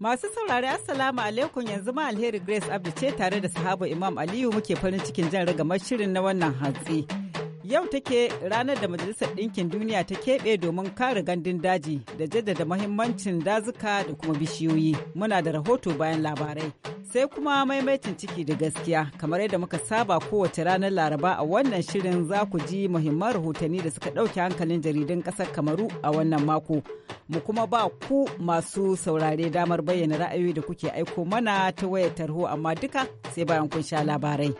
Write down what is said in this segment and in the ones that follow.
Masu saurari Assalamu alaikum yanzu ma alheri Grace Abdi ce tare da sahabar Imam Aliyu muke farin cikin jan ragamar shirin na wannan hatsi. Yau take ranar da Majalisar Ɗinkin Duniya ta keɓe domin kare gandun daji da jaddada mahimmancin dazuka da kuma bishiyoyi. Muna da rahoto bayan labarai. Sai kuma maimaitin ciki da gaskiya kamar yadda muka saba kowace ranar Laraba a wannan shirin za ku ji muhimman rahotanni da suka ɗauke hankalin jaridun ƙasar Kamaru a wannan mako. Mu kuma ba ku masu saurare damar bayyana ra'ayoyi da kuke aiko mana ta wayar tarho amma duka sai bayan kun sha labarai.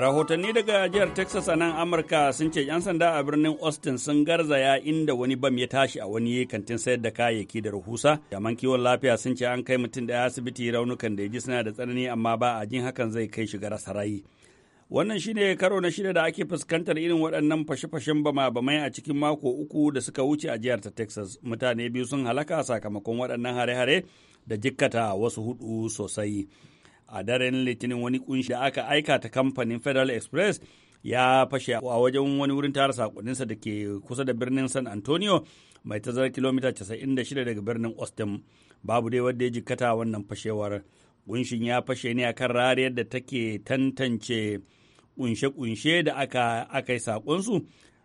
Rahotanni daga jihar Texas a nan Amurka sun ce 'yan sanda a birnin Austin sun garzaya inda wani bam ya tashi a wani kantin sayar da kayayyaki da rahusa. Jaman kiwon lafiya sun ce an kai mutum ɗaya asibiti raunukan da ya ji suna da tsanani amma ba a jin hakan zai kai shiga rasa rayi. Wannan shine karo na shida da ake fuskantar irin waɗannan fashe-fashen bama-bamai a cikin mako uku da suka wuce a jihar ta Texas. Mutane biyu sun halaka sakamakon waɗannan hare-hare da jikkata wasu hudu sosai. a daren litinin wani kunshi da aka aika ta kamfanin federal express ya fashe a wajen wani wurin tara sakoninsa da ke kusa da birnin san antonio mai tazarar kilomita 96 daga birnin austin babu dai wadda ya jikkata wannan fashewar kunshin ya fashe ne akan rariyar da take tantance kunshe-kunshe da aka aka yi sakonsu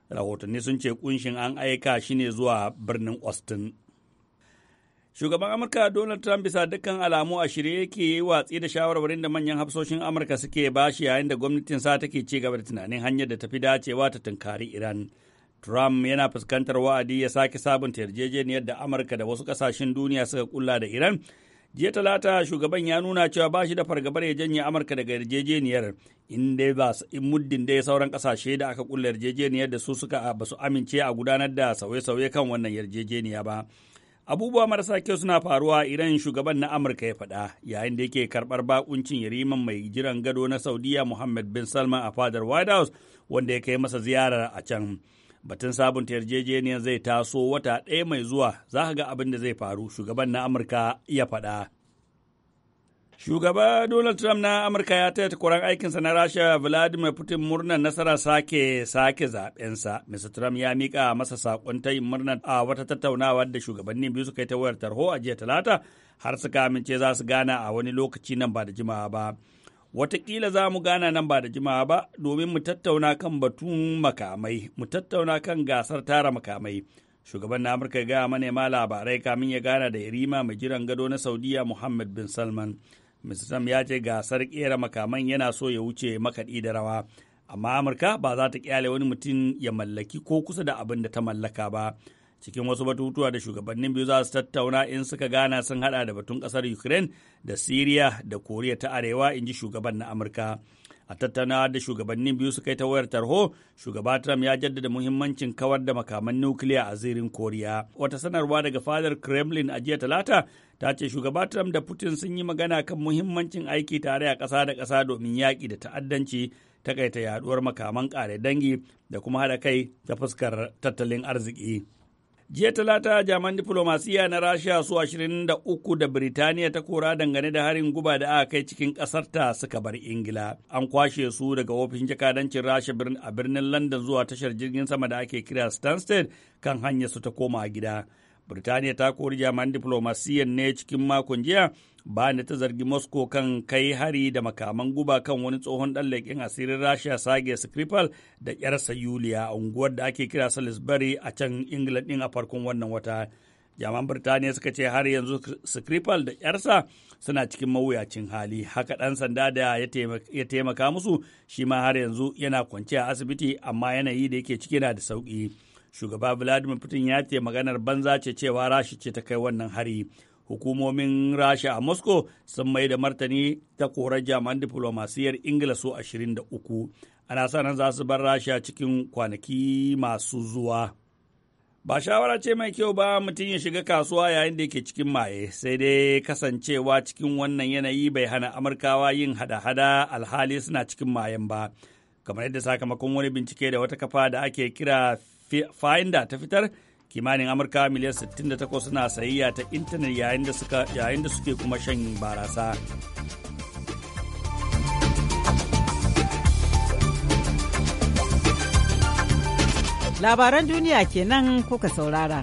rahotanni sun ce kunshin an aika shi ne zuwa birnin austin Shugaban Amurka Donald Trump bisa dukkan alamu a shirye yake yi watsi da shawarwarin da manyan hafsoshin Amurka suke bashi yayin da gwamnatin sa take ci gaba da tunanin hanyar da tafi dacewa ta tunkari Iran. Trump yana fuskantar wa'adi ya sake sabunta yarjejeniyar da Amurka da wasu kasashen duniya suka kulla da Iran. Jiya talata shugaban ya nuna cewa ba shi da fargabar ya janye Amurka daga yarjejeniyar in dai ba in muddin dai sauran kasashe da aka kulla yarjejeniyar da su suka ba su amince a gudanar da sauye-sauye kan wannan yarjejeniya ba. abubuwa marasa kyau suna faruwa idan shugaban na amurka ya faɗa yayin da yake karɓar bakuncin yariman mai jiran gado na saudiya muhammad bin salman a fadar white house wanda ya kai masa ziyarar a can batun sabunta yarjejeniyar zai taso wata ɗaya mai zuwa za ga abin da zai faru shugaban na amurka ya faɗa Shugaba Donald Trump na Amurka ya taya takwaran aikinsa na Rasha Vladimir Putin murnar nasara sake sake zaɓensa. Mr. Trump ya mika masa saƙon yin murnar a wata tattaunawa da shugabannin biyu suka yi ta wayar tarho a jiya Talata har suka amince za su gana a wani lokaci nan ba da jimawa ba. Wataƙila za mu gana nan ba da jimawa ba domin mu tattauna kan batun makamai, mu tattauna kan gasar tara makamai. Shugaban na Amurka ya gaya manema labarai kamin ya gana da irima mai jiran gado na Saudiya Muhammad bin Salman. Mr. Trump ya ce gasar kera makaman yana so ya wuce makaɗi da rawa. Amma Amurka ba za ta kyale wani mutum ya mallaki ko kusa da abin da ta mallaka ba. Cikin wasu batutuwa da shugabannin biyu za su tattauna in suka gana sun hada da batun ƙasar Ukraine da syria da Koriya ta Arewa, in ji shugaban na Amurka. a tattaunawa da shugabannin biyu suka yi ta wayar tarho shugaba trump ya jaddada muhimmancin kawar da makaman nukiliya a zirin koriya wata sanarwa daga fadar kremlin a jiya talata ta ce shugaba Trump da Putin sun yi magana kan muhimmancin aiki tare a ƙasa da kasa domin yaƙi da ta'addanci, takaita yaduwar makaman ƙare dangi da kuma haɗa kai ta fuskar tattalin arziki. Jiya talata jaman diplomasiya na Rasha su 23 da Birtaniya ta kora dangane da harin guba da aka kai cikin ƙasarta suka bar Ingila. An kwashe su daga ofishin jakadancin Rasha a birnin London zuwa tashar jirgin sama da ake kira Stansted kan hanyar su ta koma gida. Birtaniya ta kori jami'an diflomasiyan ne cikin makon jiya bayan da ta zargi Moscow kan kai hari da makaman guba kan wani tsohon ɗan leƙen asirin Rasha sage Skripal da yarsa Yulia a unguwar da ake kira Salisbury a can England din a farkon wannan wata. Jaman Birtaniya suka ce har yanzu Skripal da ‘yarsa suna cikin mawuyacin hali, haka ɗan sanda da ya taimaka musu shi ma har yanzu yana kwance a asibiti amma yanayi da yake ciki na da sauƙi. shugaba vladimir putin ya ce maganar banza ce cewa rashi ce ta kai wannan hari hukumomin rasha a moscow sun mai da martani ta korar jami'an diplomasiyar ingila su 23 ana sa nan za su bar rasha cikin kwanaki masu zuwa ba shawara ce mai kyau ba mutum ya shiga kasuwa yayin da yake cikin maye sai dai kasancewa cikin wannan yanayi bai hana amurkawa yin hada-hada alhali suna cikin mayen ba kamar yadda sakamakon wani bincike da wata kafa da ake kira finder ta fitar kimanin amurka miliyan 68 suna sayayya ta intanet yayin da suke kuma shan barasa labaran duniya kenan kuka saurara.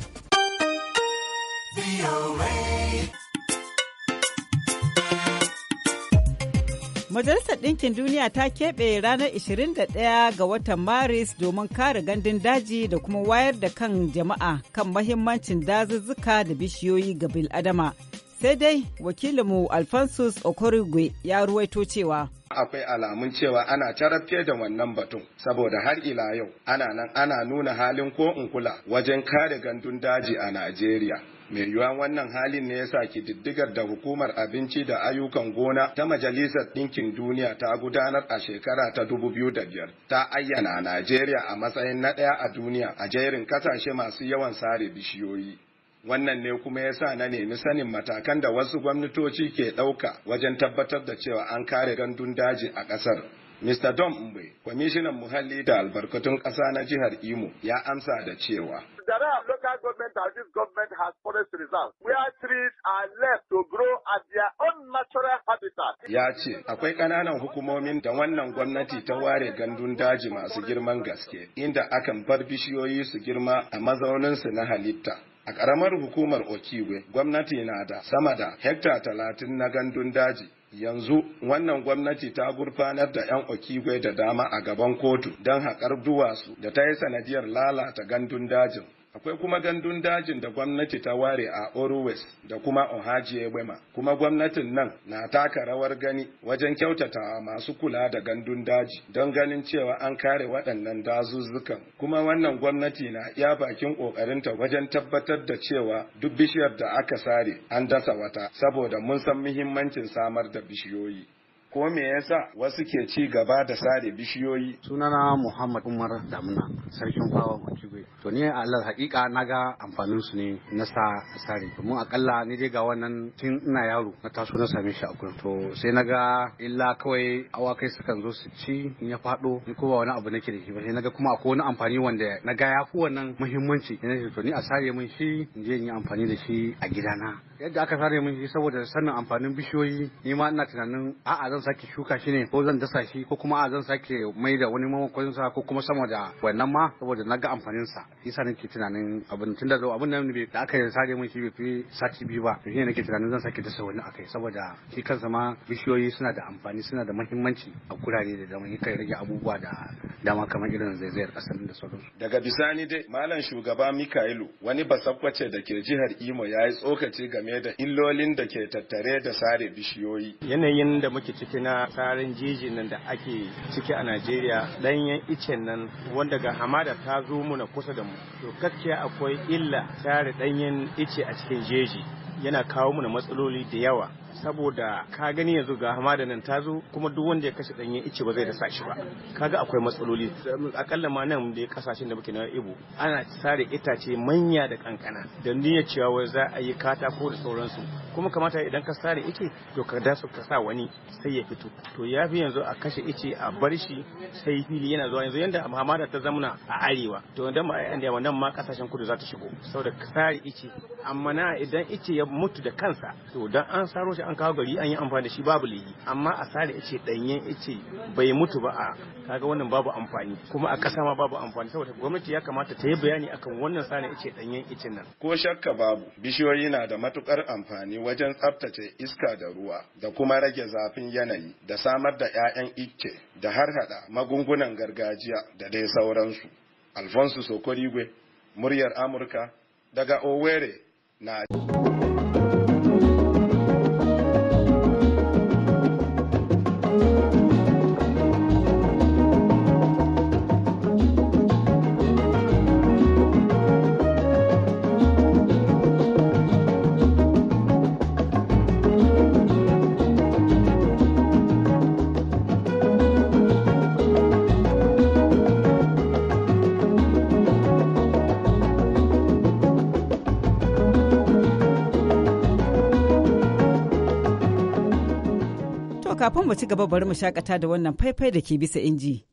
Majalisar Ɗinkin Duniya ta keɓe ranar 21 ga watan Maris domin kare gandun daji da kuma wayar da kan jama'a kan mahimmancin dazuzzuka da bishiyoyi ga bil'adama. Sai dai wakilinmu Alphonsus Okorigwe ya ruwaito cewa. akwai alamun cewa ana tarafke da wannan batun saboda har ila yau ana nan ana nuna halin ko in kula wajen kare gandun daji a Najeriya mai yiwuwan wannan halin ne yasa diddigar da hukumar abinci da ayyukan gona ta majalisar ɗinkin duniya ta gudanar a shekara ta dubu biyu da biyar, ta ayyana najeriya a matsayin na ɗaya a duniya a jerin kasashe masu yawan sare bishiyoyi wannan ne kuma yasa na nemi sanin matakan da wasu gwamnatoci ke ɗauka wajen tabbatar da cewa an kare gandun daji a ƙasar Mr. Don Mbe, kwamishinan muhalli da albarkatun ƙasa na jihar Imo, ya amsa da cewa. There are local government and this government has forest reserves where trees are left to grow at their own natural habitat. Ya ce, akwai ƙananan hukumomin da wannan gwamnati ta ware gandun daji masu girman gaske, inda akan bar bishiyoyi su girma a mazauninsu na halitta. A ƙaramar hukumar Okiwe, gwamnati na da sama da hekta talatin na gandun daji. Yanzu wannan gwamnati ta gurfanar da 'yan Okigwe da dama a gaban kotu don haƙar duwatsu da ta yi sanadiyar lalata gandun dajin. akwai kuma gandun dajin da gwamnati ta ware a Oruwes da kuma Ohaji Ebema kuma gwamnatin nan na taka rawar gani wajen kyautata masu kula da gandun daji don ganin cewa an kare waɗannan dazuzzukan kuma wannan gwamnati na iya bakin ƙoƙarinta wajen tabbatar da cewa duk bishiyar da aka sare an dasa wata saboda mun san muhimmancin samar da bishiyoyi ko me yasa wasu ke ci gaba da sare bishiyoyi sunana muhammad umar damuna sarkin fawa macigwe to ni a alal hakika na ga amfanin su ne na sa sare domin akalla ni dai ga wannan tun ina yaro na taso na same shi a gurin to sai na ga illa kawai awakai sukan zo su ci in ya fado ni ko wani abu nake da shi ba sai na ga kuma akwai wani amfani wanda na ga yafi wannan muhimmanci ce to ni a sare mun shi in je in yi amfani da shi a gidana yadda aka sare min shi saboda sanin amfanin bishiyoyi ni ma ina tunanin a'a zan sake shuka shi ne ko zan dasa shi ko kuma a zan sake mai da wani mamakon sa ko kuma sama da wannan ma saboda na ga amfanin sa yasa nake tunanin abin tunda da abin nan da aka sare min shi bai fi sati biyu ba to ne nake tunanin zan sake dasa wani akai saboda shi kansa ma bishiyoyi suna da amfani suna da muhimmanci a gurare da dama yakan rage abubuwa da dama kamar irin zaizayar kasar da sauransu daga bisani dai malam shugaba Mikailu wani basakwace da ke jihar Imo ya yi tsokaci game game da illolin da ke tattare da sare bishiyoyi. Yanayin da muke ciki na tsarin jeji nan da ake ciki a Najeriya ɗanyen icen nan wanda ga hamada ta zo muna kusa da mu. To gaskiya akwai illa tare ɗanyen ice a cikin jeji yana kawo mana matsaloli da yawa. saboda ka gani yanzu ga hamada nan ta zo kuma duk wanda ya kashe danye ice ba zai da shi ba kaga akwai matsaloli akalla ma nan da kasashen da muke na ibo ana sare itace manya da kankana da niyyar cewa za a yi katako da sauransu kuma kamata idan ka sare ice to ka da su ka sa wani sai ya fito to ya fi yanzu a kashe ice a bar shi sai fili yana zuwa yanzu yanda hamada ta zamuna a arewa to dan ma nan ma kasashen kudu za ta shigo saboda sare ice amma na idan ice ya mutu da kansa to dan an saro shi an kawo gari an yi amfani da shi babu lihi amma a sare ice ɗanyen ice bai mutu ba a kaga wannan babu amfani kuma a kasa ma babu amfani saboda gwamnati ya kamata ta yi bayani akan wannan sare ice ɗanyen icen nan ko shakka babu bishiyoyi na da matukar amfani wajen tsaftace iska da ruwa da kuma rage zafin yanayi da samar da 'ya'yan icce da har harhaɗa magungunan gargajiya da dai sauransu alfonso sokorigwe muryar amurka daga owerri na kafin mu ci gaba bari mu shakata da wannan faifai da ke bisa inji.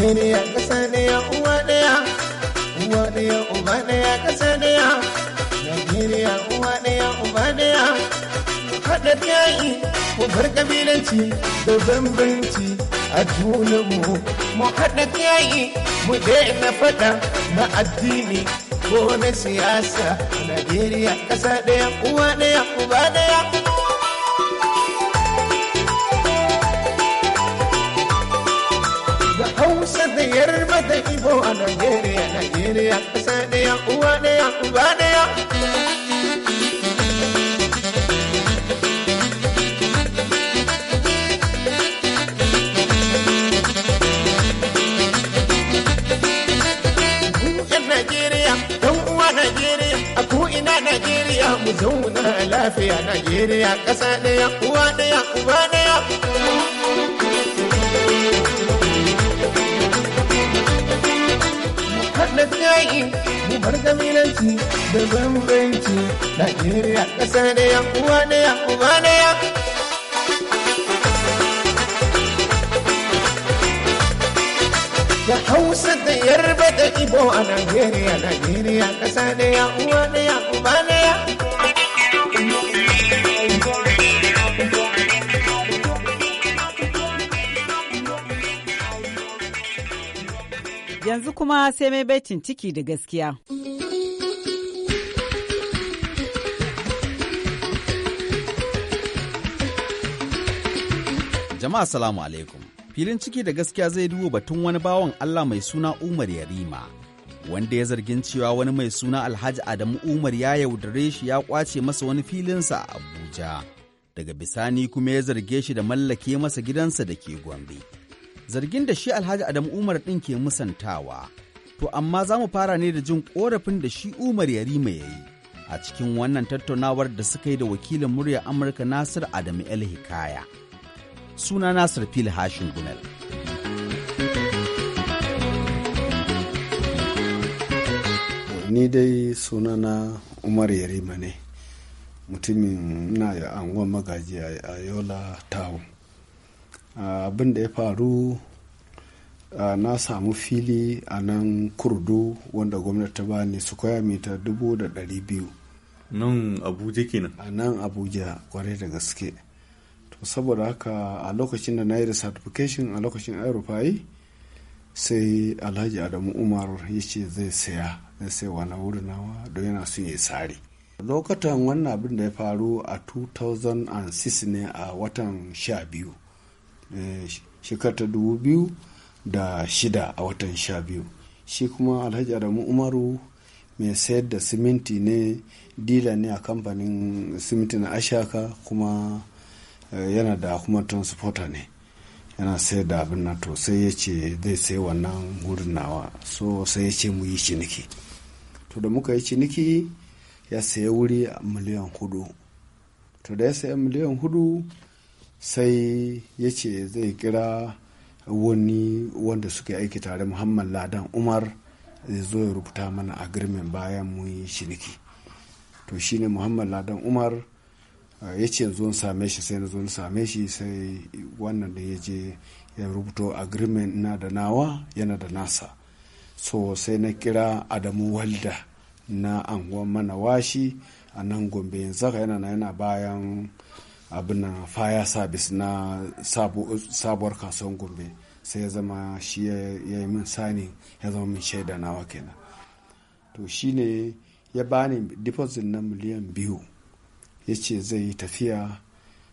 Najeriya ƙasa ɗaya uwa ɗaya, uwa ɗaya uba ɗaya ƙasa ɗaya. Najeriya uwa ɗaya uba ɗaya. Haɗa yayi mu bar ƙabilanci da bambanci a junanmu. Mu haɗa yayi mu daina faɗa na addini ko na siyasa Najeriya ƙasa ɗaya uwa ɗaya uba ɗaya. Da Hausa da Yarba da Ibo a Najeriya, Najeriya ƙasa ɗaya uwa ɗaya uba ɗaya. zauna lafiya Najeriya ƙasa ɗaya uwa ɗaya uba ɗaya. Haɗa yayi mu bar gamilanci da bambanci Najeriya ƙasa ɗaya uwa ɗaya uba ɗaya. da hausa da yarba da ibo a Najeriya, Najeriya ƙasa ɗaya uwa ɗaya uba ɗaya. Yanzu kuma sai mai baitin ciki da gaskiya. Jama'a salamu alaikum. Filin ciki da gaskiya zai duba batun wani bawan Allah mai suna Umar Yarima. Wanda ya zargin cewa wani mai suna Alhaji Adamu Umar ya yaudare shi ya kwace masa wani filinsa a Abuja. Daga bisani kuma ya zarge shi da mallake masa gidansa da ke Gombe. zargin da shi alhaji adamu umar ɗin ke musantawa to amma za mu fara ne da jin korafin da shi umar yarima ya yi a cikin wannan tattaunawar da suka yi da wakilin murya amurka nasir adamu el hikaya suna nasir fil hashin Gunal. ni dai sunana umar yarima ne mutumin na anguwan magaji a yola town Ah, abin da ya faru ah, na samu fili a nan kurdu wanda gwamnati ta bani kwaya mita dubu da ɗari biyu nan abuja kenan a nan abuja kwarai da gaske to saboda haka a lokacin da na yi certification a lokacin aerofayi sai alhaji adamu umar ya ce zai saya zai sai wani wurin nawa don yana son ya tsari. lokacin wannan abin da ya faru a 2006 ne a watan sha biyu Eh, shekarta dubu biyu da shida a watan sha biyu shi kuma alhaji adamu umaru mai sayar da siminti ne dila ne a kamfanin siminti na ashaka kuma eh, yana da kuma transporter ne yana sai da abin na to sai ya ce zai sai wannan wurin nawa so sai ya ce mu yi ciniki to da muka yi ciniki ya saya wuri a miliyan hudu to da ya saya miliyan hudu sai ya ce zai kira wani wanda suka aiki tare muhammad ladan umar zai zo ya rubuta mana a agreement bayan mu yi shiniki to shine muhammad ladan umar eh, ya ce zo same shi sai na zo same shi sai wannan da ya je ya rubuto agreement na da nawa yana da nasa so sai na kira adamu walda na anguwan mana washi a nan gombe yanzu yana na yana bayan abin faya service na sabuwar kasuwan gombe sai ya zama shi ya yi min sani ya zama min shaida nawa kenan to shi ne ya bani deposit na miliyan biyu ya ce zai yi tafiya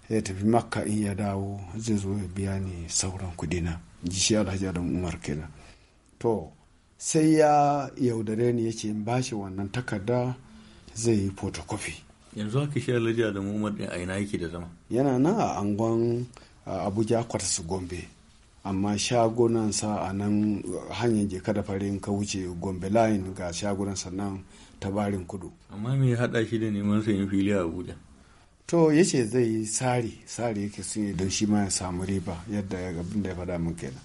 ya tafi makka in ya dawo zai zo ya biya ni sauran kudina ji shi alhaji adam umar kenan to sai ya yaudare ni ya ce in bashi wannan takarda zai yi photocopy yanzu haka shi alhaji da umar din ina yake da zama yana nan a angon abuja kwatas gombe amma sa a nan hanyar jeka da farin ka wuce gombe line ga shagunan sannan tabarin kudu amma me ya hada shi da neman sanyin fili a abuja to ya zai yi sari sari yake sun yi don shi ma ya samu riba yadda ya gabin da ya faɗa min kenan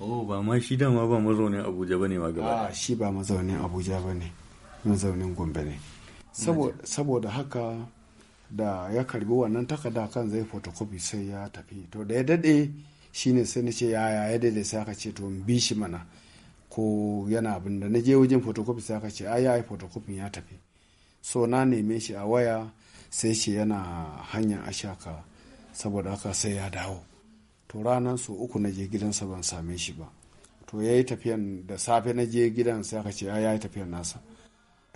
oh ba ma shi dama ba mazaunin abuja bane ma gaba ah, shi ba mazaunin abuja bane mazaunin gombe ne saboda haka da ya karbi wannan takarda kan zai photocopy sai ya tafi to da ya dade shine sai na ce ya ya dade sai aka ce to bi shi mana ko yana abin da na je wajen photocopy sai aka ce ai ai photocopy ya tafi so na neme shi a waya sai ce yana hanyar ashaka saboda haka sai ya dawo to ranar su uku na je gidansa ban same shi ba to ya yi tafiyan da safe na je gidan sai aka ce ya yi tafiyan nasa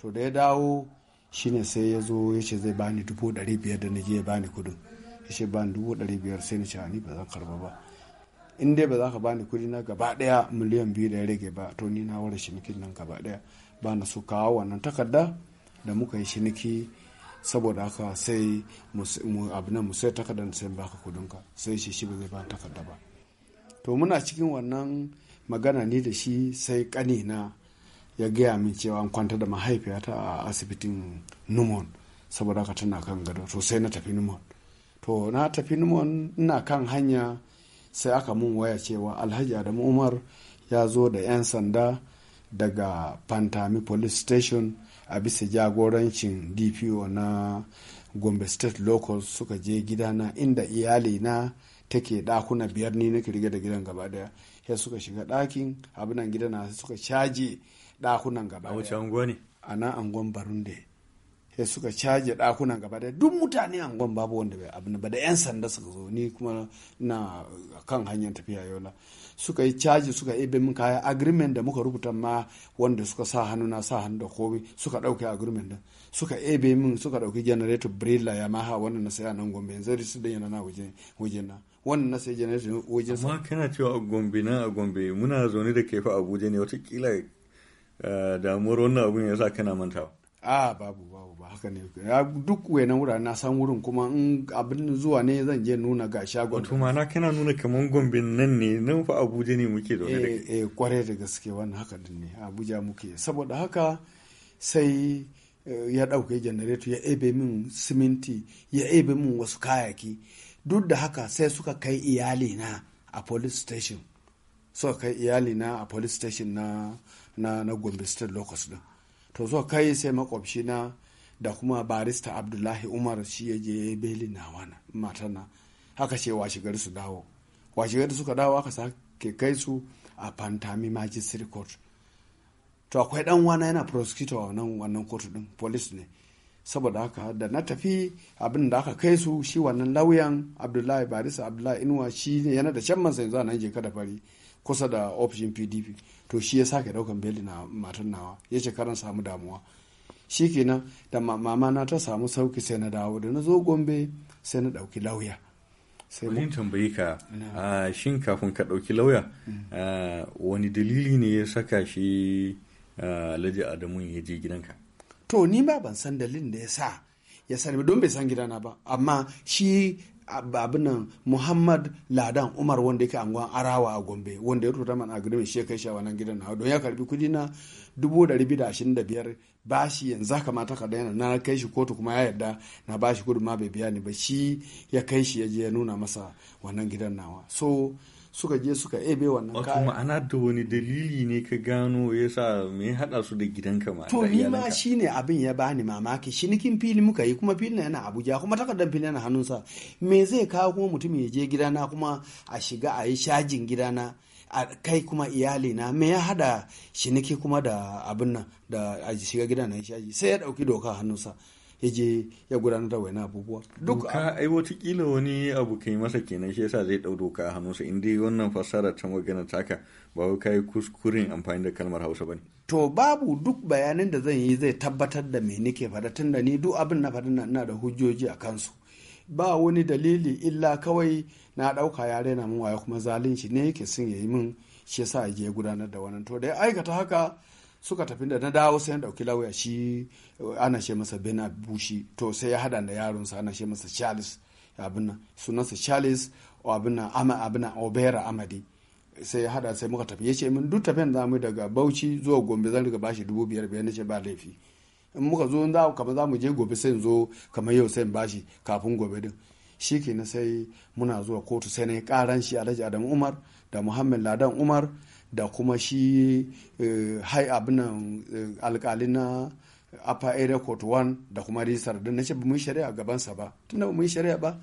to da ya dawo shine sai ya zo ya ce zai bani dubu ɗari biyar da nake ya bani kudin ya ce bani dubu ɗari biyar sai na ce ni ba zan karba ba in dai ba za ka bani kudi na gaba ɗaya miliyan biyu da ya rage ba to ni na ware shinikin nan gaba ɗaya ba na so kawo wannan takarda da muka yi shiniki saboda haka sai mu abu nan mu sai takarda sai baka ka sai shi shi ba zai ba takarda ba to muna cikin wannan magana ni da shi sai na ya gaya min cewa an kwanta da mahaifiyata a asibitin numon saboda haka tana kan gado to sai na tafi numon to na tafi numon ina kan hanya sai aka mun waya cewa alhaji adamu umar ya zo da 'yan sanda daga pantami police station a bisa jagorancin dpo na gombe state local suka je gidana inda iyali na take dakuna biyar ni nake rige da gidan gaba daya sai suka shiga ɗakin abinan gidana suka caje dakunan gaba daya a wace a nan angon barunde sai suka caje dakunan gaba daya duk mutane angon babu wanda bai abin ba da yan sanda suka zo ni kuma na kan hanyar tafiya yola suka yi caji suka ibe min kaya agreement da muka rubuta ma wanda suka sa hannu na sa hannu da komai suka ɗauke agreement din suka ebe min suka ɗauki generator brilla ya maha wannan na saya nan gombe yanzu su da yana na waje na wannan na sai generator waje sa amma kana cewa a gombe na a gombe muna zaune da kefa abuja ne watakila Eh, damuwar wannan abin ya sa kana mantawa a babu babu ba haka ne duk wayannan wuraren na san wurin kuma in abin zuwa ne zan je nuna ga shagon wato na kana nuna kamar gombe nan ne nan fa abuja ne muke da eh eh kware da gaske wannan haka din ne abuja muke saboda haka sai eh, ya ɗauke janareto ya ebe min siminti ya ebe min wasu kayaki duk da haka sai suka kai iyalina a police station suka kai iyalina a police station na na na gombe state locus din to zo kai sai makwabci na da kuma barista abdullahi umar shi ya je beli na wana matan na haka ce gari su dawo washigar suka dawo aka sake kai su a pantami magistrate court to akwai dan wana yana prosecutor wannan wannan kotu din police ne saboda haka da na tafi abin da aka kai su shi wannan lauyan abdullahi barista abdullahi inuwa shi ne yana da shan masa yanzu a nan je kada fari kusa da ofishin pdp to shi ya sake daukan beli na matan nawa ya ce karan samu damuwa shi kenan da mama na ta samu sauki sai na dawo da na zo gombe sai na dauki lauya sai mun tambayi ka a shin kafin ka dauki lauya mm. wani dalili ne ya saka shi alhaji adamu ya je gidanka to ni ma ban san dalilin da ya sa ya sani don bai san gidana ba amma shi nan muhammad ladan umar wanda yake anguwan arawa a gombe wanda ya tuta man agreement shi kai shi a wannan gidan nawa don ya karbi kudi na dubu da ribi da ashirin da biyar bashi yanzu haka mata ka daina na kai shi kotu kuma ya yarda na bashi gudu ma bai biya ni ba shi ya kai shi ya je ya nuna masa wannan gidan nawa so suka je suka ebe wannan kayan. Wato ma'ana da wani dalili ne ka gano ya sa me haɗa su da gidanka ma. To ni ma shi ne abin ya bani mamaki nikin fili muka yi kuma filin yana Abuja kuma takardar filin yana hannunsa me zai kawo kuma mutum ya je gidana kuma a shiga a yi shajin gidana. a kai kuma iyali na me ya hada shiniki kuma da abin nan da a shiga gidan na shaji sai ya dauki doka hannunsa ya je ya gudanar da wani abubuwa duk ai watakila wani abu kai masa kenan shi yasa zai dau doka a hannunsa in dai wannan fassara ta magana taka ba wai kai kuskuren amfani da kalmar Hausa bane to babu duk bayanin da zan yi zai tabbatar da me nake faɗa da ni duk abin na faɗa ina da hujjoji a kansu ba wani dalili illa kawai na ɗauka ya raina min waye kuma zalunci ne yake sun yi min shi yasa ya je gudanar da wannan to da ya aikata haka suka tafi da na dawo sai na dauki lauya shi ana ce masa bena bushi to sai ya hada da yaronsa ana ce masa charles abinna Sunan sunansa charles abin nan abin obera amadi sai ya hada sai muka tafi ya ce min duk tafiyan za mu daga bauchi zuwa gombe zan riga bashi dubu biyar biyar na ce ba laifi in muka zo za kamar za mu je gobe sai in zo kamar yau sai in bashi kafin gobe din shi na sai muna zuwa kotu sai na yi karan shi alhaji adamu umar da muhammad ladan umar da kuma shi eh, hai abinan eh, alkali na upper area court 1 da kuma rijistar don na ce mun shari'a gabansa ba tunda ba mun shari'a ba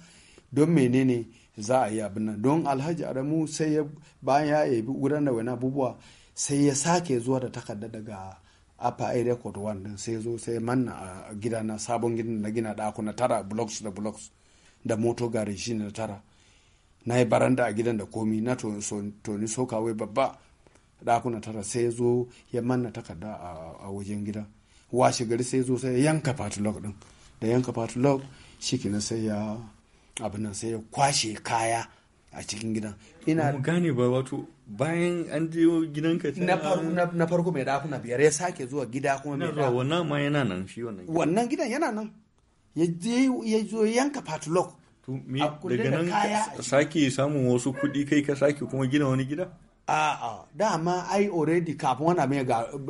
don menene za a yi abin nan don alhaji adamu sai ya bayan ya yabi wurin da wani abubuwa sai ya sake zuwa da takarda daga upper area court 1 din sai zo sai manna a gida na sabon gidan na gina ɗakuna tara blocks da blocks da moto gari shi na tara na yi baranda a gidan da komi na toni sokawai babba ɗakuna tara sai ya zo ya manna takarda a wajen gida washe gari sai ya zo sai ya yanka patulog ɗin da yanka patulog shi kenan sai ya abin sai ya kwashe kaya a cikin gidan ina mu gane ba wato bayan an je gidanka ka na farko na farko mai dakuna biyar ya sake zuwa gida kuma mai dakuna wannan ma yana nan shi wannan wannan gidan yana nan ya je ya zo yanka patulog daga nan sake samun wasu kuɗi kai ka sake kuma gina wani gida A'a, dama ai already kafin wanda abin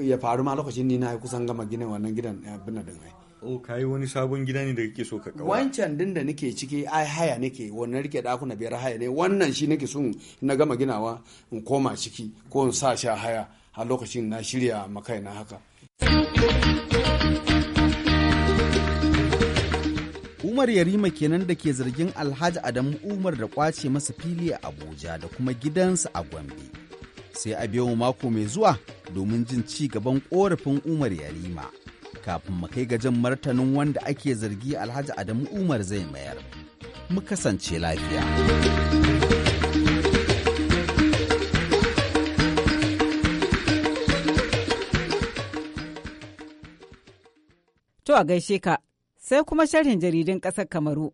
ya faru ma lokacin ni na kusan gama ginin wannan gidan eh, abin da ai. O ka yi wani sabon gida ne da kake so ka kawo. Wancan din da nake ciki ai haya nake wannan rike dakuna biyar haya ne wannan shi nake sun na gama ginawa in koma ciki ko in sa sha haya a lokacin na shirya makai na haka. Umar Yarima kenan da ke zargin Alhaji Adamu Umar da kwace masa fili a Abuja da kuma gidansa a Gombe. sai a biyo mu mako mai zuwa domin jin ci gaban korafin Umar Yarima. Kafin mu kai gajen martanin wanda ake zargi Alhaji Adamu Umar zai mayar. Mu kasance lafiya. To a gaishe ka, sai kuma sharhin jaridun ƙasar Kamaru.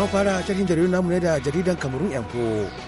za fara shirin jaridun namu ne da jaridan kamarun yanko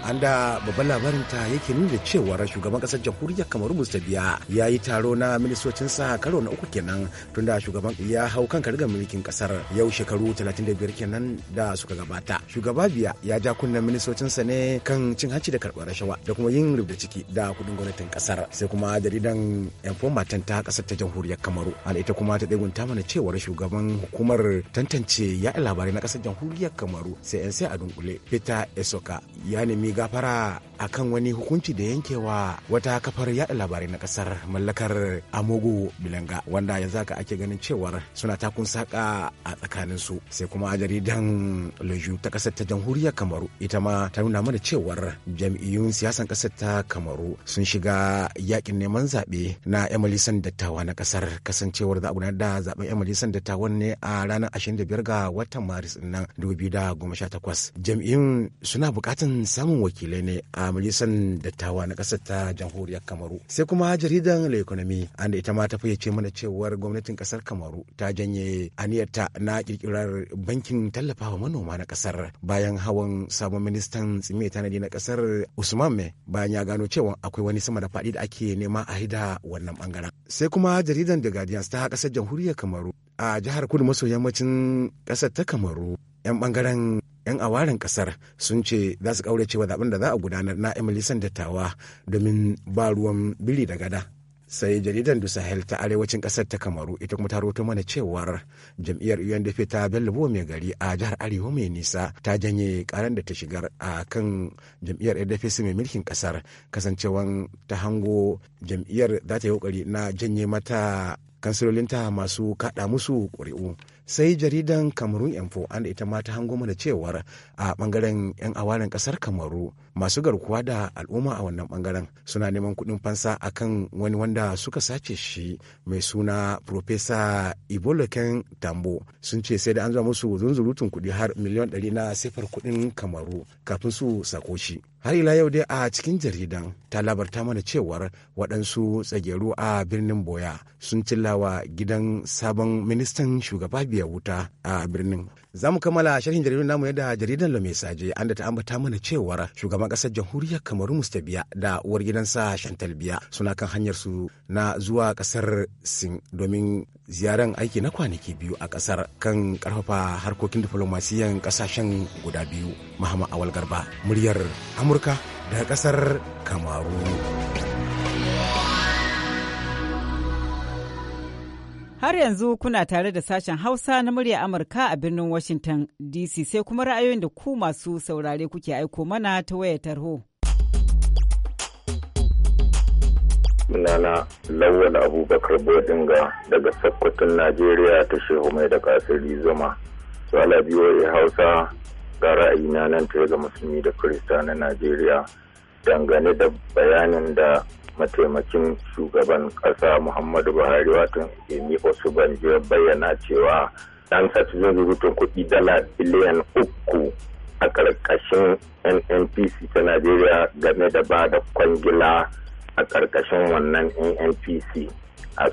an da babban labarin ta yake nuna cewa shugaban kasar jamhuriyar kamarun biya. ya yi taro na ministocin sa karo na uku kenan tun da shugaban ya hau kan karigar mulkin kasar yau shekaru 35 kenan da suka gabata shugaba biya ya ja kunnen ministocin sa ne kan cin hanci da karɓar rashawa da kuma yin rubda ciki da kudin gwamnatin kasar sai kuma jaridan yanko matan ta kasar ta jamhuriyar kamaru ala ita kuma ta ɗaigunta mana cewa shugaban hukumar tantance ya labarai na kasar jamhuriyar kamaru labaru sai yan sai a dunkule peter esoka ya nemi gafara kan wani hukunci da yankewa wata kafar yada labarai na kasar mallakar amogo bilanga wanda yanzu haka ake ganin cewar suna takun saka a tsakanin su sai kuma a jaridan leju ta kasar ta jamhuriyar kamaru ita ma ta nuna mana cewar jam'iyyun siyasan kasar ta kamaru sun shiga yakin neman zaɓe na yan dattawa na kasar kasancewar za a gudanar da zaben yan dattawa dattawan ne a ranar 25 ga watan maris nan 2018 jam'iyyun suna buƙatar kan samun wakilai ne a majalisar dattawa na ƙasar ta jamhuriyar kamaru sai kuma jaridan le economy anda ita ma ta fayyace mana cewar gwamnatin ƙasar kamaru ta janye aniyarta na kirkirar bankin tallafawa manoma na ƙasar bayan hawan sabon ministan tsimi tanadi na ƙasar usman me bayan ya gano cewa akwai wani sama da faɗi da ake nema a haida wannan bangaren sai kuma jaridan da guardian ta ƙasar jamhuriyar kamaru a jihar kudu maso yammacin ƙasar ta kamaru 'yan bangaren 'yan awarin kasar sun ce za su kaure wa zaben da za a gudanar na emilisan dattawa domin ba ruwan biri da gada sai jaridar du sahel ta arewacin kasar ta kamaru ita kuma ta roto mana cewar jam'iyyar undp ta bello mai gari a jihar arewa mai nisa ta janye karan da ta shigar a kan jam'iyyar su mai mulkin kasar kasancewan ta hango jam'iyyar za ta yi kokari na janye mata kansilolinta masu kada musu ƙuri'u sai jaridan kamarun info an ita ma ta hango mana cewar a bangaren yan awalen kasar kamaru masu garkuwa da al'umma a wannan bangaren suna neman kuɗin fansa akan wani wanda suka sace shi mai suna profesa iboloken tambo sun ce sai da an zuwa musu zunzurutun kuɗi har miliyan ɗari na sifar kuɗin kamaru kafin su sako shi har ila yau dai a cikin jaridan ta labarta mana cewar waɗansu tsageru a birnin boya sun cillawa gidan sabon ministan shugaba biya wuta a birnin Za mu kammala sharhin jaridun namu yadda jaridar LameSaje, an da ta ambata mana cewar shugaban ƙasar jamhuriyar Kamaru Mustabiya da uwar gidansa shantal Biya suna kan hanyar su na zuwa ƙasar Sin domin ziyaran aiki na kwanaki biyu a ƙasar kan karfafa harkokin diflomasiyan ƙasashen guda biyu. Muhammad Awal Garba, muryar Amurka da ƙasar Kamaru. Har yanzu kuna tare da sashen Hausa na murya Amurka a birnin Washington DC sai kuma ra'ayoyin da ku masu saurare kuke aiko mana ta wayar tarho. Sunana Lawal Abubakar Bodinga daga Sokoton Najeriya ta Shehu Mai da Kasiri Zuma. Sala biyoyi Hausa ga ra'ayina nan ta ga musulmi da Kirista na Najeriya dangane da bayanin da mataimakin shugaban kasa muhammadu buhari watan emi osubanjo bayyana cewa an saci zuzurutun kuɗi dala biliyan uku a ƙarƙashin nnpc ta najeriya game da ba da kwangila a ƙarƙashin wannan nnpc a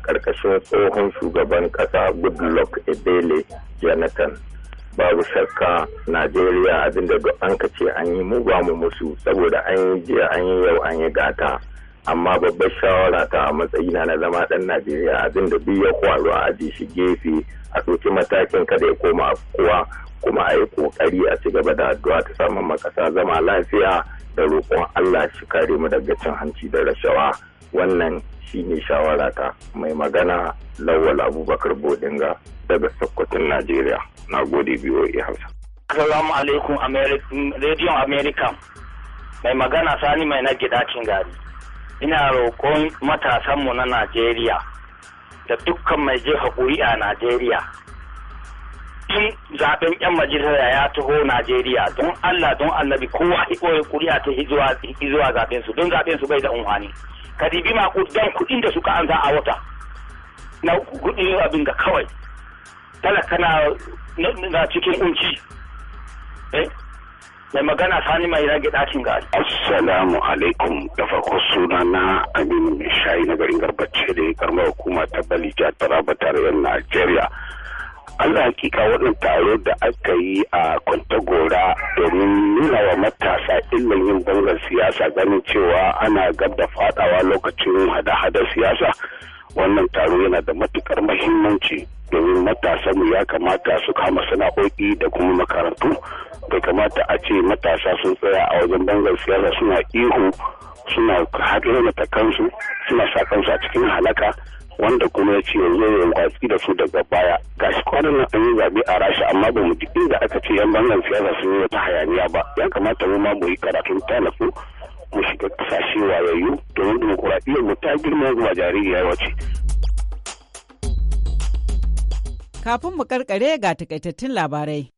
ƙarƙashin tsohon shugaban kasa goodluck ebele jonathan babu shakka najeriya abinda da an ka ce an yi mu ba mu musu saboda an yi jiya an yi yau an yi gata amma babbar shawara ta a matsayi na zama dan najeriya abinda duk ya kwaro a aji shi gefe a ɗauki matakin kada ya koma afkuwa kuma a yi kokari a ci gaba da addu'a ta samun makasa zama lafiya da roƙon allah shi kare mu daga cin hanci da rashawa wannan shine shawara ta mai magana lawal abubakar bodinga daga Sokoton Najeriya. Na gode ya Hausa. Assalamu alaikum Radio America. Mai magana Sani mai na gidacin gari. Ina roƙon matasanmu na Najeriya da dukkan mai jefa ƙuri'a Najeriya. Tun zaben 'yan majalisa ya taho Najeriya don Allah don Allabi kowa ɓoye ƙuri'a ta zuwa zaɓen su don zaɓen su bai da unhani. Kadibi ma dan kuɗin da suka an za a wata na kuɗin abin da kawai kana na cikin kunci eh? mai magana sani mai rage dakin gari. Assalamu alaikum da farko suna na Aminu mai shayi na garin garbace da ya hukuma ta balija ta raba tarayyar Najeriya. Allah hakika waɗin taro da aka yi a Gora, domin nuna wa matasa illan yin bangar siyasa ganin cewa ana gab da fadawa lokacin hada-hada siyasa. wannan taro yana da matukar mahimmanci domin matasa mu ya kamata su kama sana'o'i da kuma makarantu bai kamata a ce matasa sun tsaya a wajen bangar siyasa suna ihu suna haɗe kansu suna sa kansu a cikin halaka wanda kuma ya ce yanzu ya watsi da su daga baya gashi kwanan nan an yi zabe a rasha amma ba mu ji inda aka ce yan bangar siyasa sun yi wata hayaniya ba ya kamata mu ma mu yi karatun tanafu mu shiga kasashe wayayyu domin dimokuraɗiyyar mu ta girma zuwa jaririya wace. Kafin mu karkare ga takaitattun labarai.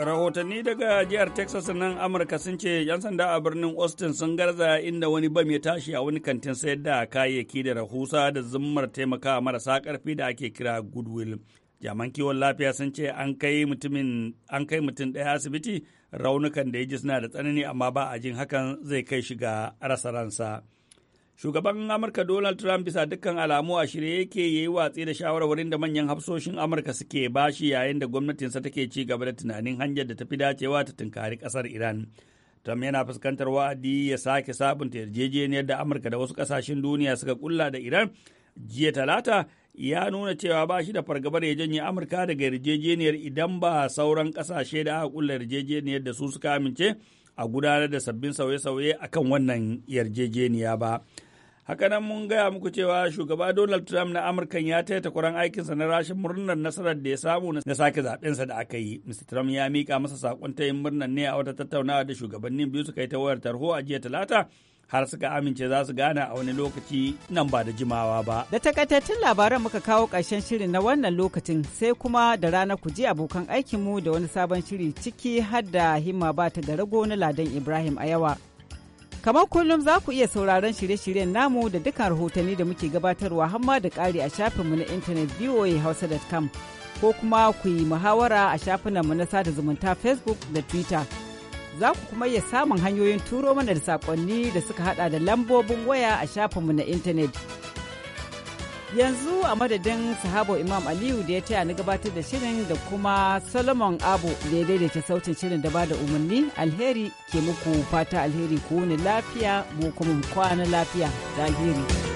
rahotanni daga jihar texas nan amurka sun ce 'yan sanda a birnin austin sun garza inda wani bam ya tashi a wani kantin sayar da kayayyaki da rahusa da zummar taimaka marasa karfi da ake kira goodwill jaman kiwon lafiya sun ce an kai mutum ɗaya asibiti raunukan da ya ji suna da tsanani amma ba a jin hakan zai kai shi ga rasa ransa. Shugaban Amurka Donald Trump bisa dukkan alamu a shirye yake yi watsi da shawarwarin da manyan hafsoshin Amurka suke bashi yayin da gwamnatinsa take ci gaba da tunanin hanyar da ta tafi dacewa ta tunkari kasar Iran. Trump yana fuskantar wa'adi ya sake sabunta yarjejeniyar da Amurka da wasu kasashen duniya suka kulla da Iran jiya talata ya nuna cewa ba shi da fargabar ya janye Amurka daga yarjejeniyar idan ba sauran kasashe da aka kulla yarjejeniyar da su suka amince a gudanar da sabbin sauye-sauye a kan wannan yarjejeniya ba. Hakanan mun gaya muku cewa shugaba Donald Trump na Amurka ya taya takwaran aikinsa na rashin murnar nasarar da ya samu na sake zaɓensa da aka yi. Mr. Trump ya mika masa saƙon tayin murnar ne a wata tattaunawa da shugabannin biyu suka yi ta wayar tarho a jiya Talata har suka amince za su gane a wani lokaci nan ba da jimawa ba. Da takaitattun labaran muka kawo ƙarshen shirin na wannan lokacin sai kuma da rana ku ji abokan aikinmu da wani sabon shiri ciki har da himma ba ta ga rago na Ladan Ibrahim a yawa. Kamar kullum za ku iya sauraron shirye-shiryen namu da dukkan rahotanni da muke gabatarwa hamma da ƙari a shafinmu na intanet voahausa.com ko kuma ku yi muhawara a shafinanmu na sada zumunta Facebook da Twitter. za ku kuma iya samun hanyoyin turo mana da sakonni da suka hada da lambobin waya a shafinmu na intanet. Yanzu a madadin sahabo Imam Aliyu da ya taya na gabatar da shirin da kuma Solomon Abu da ya daidaita sautin shirin da ba da umarni alheri ke muku fata alheri ku wuni lafiya mu kuma kwana lafiya da alheri.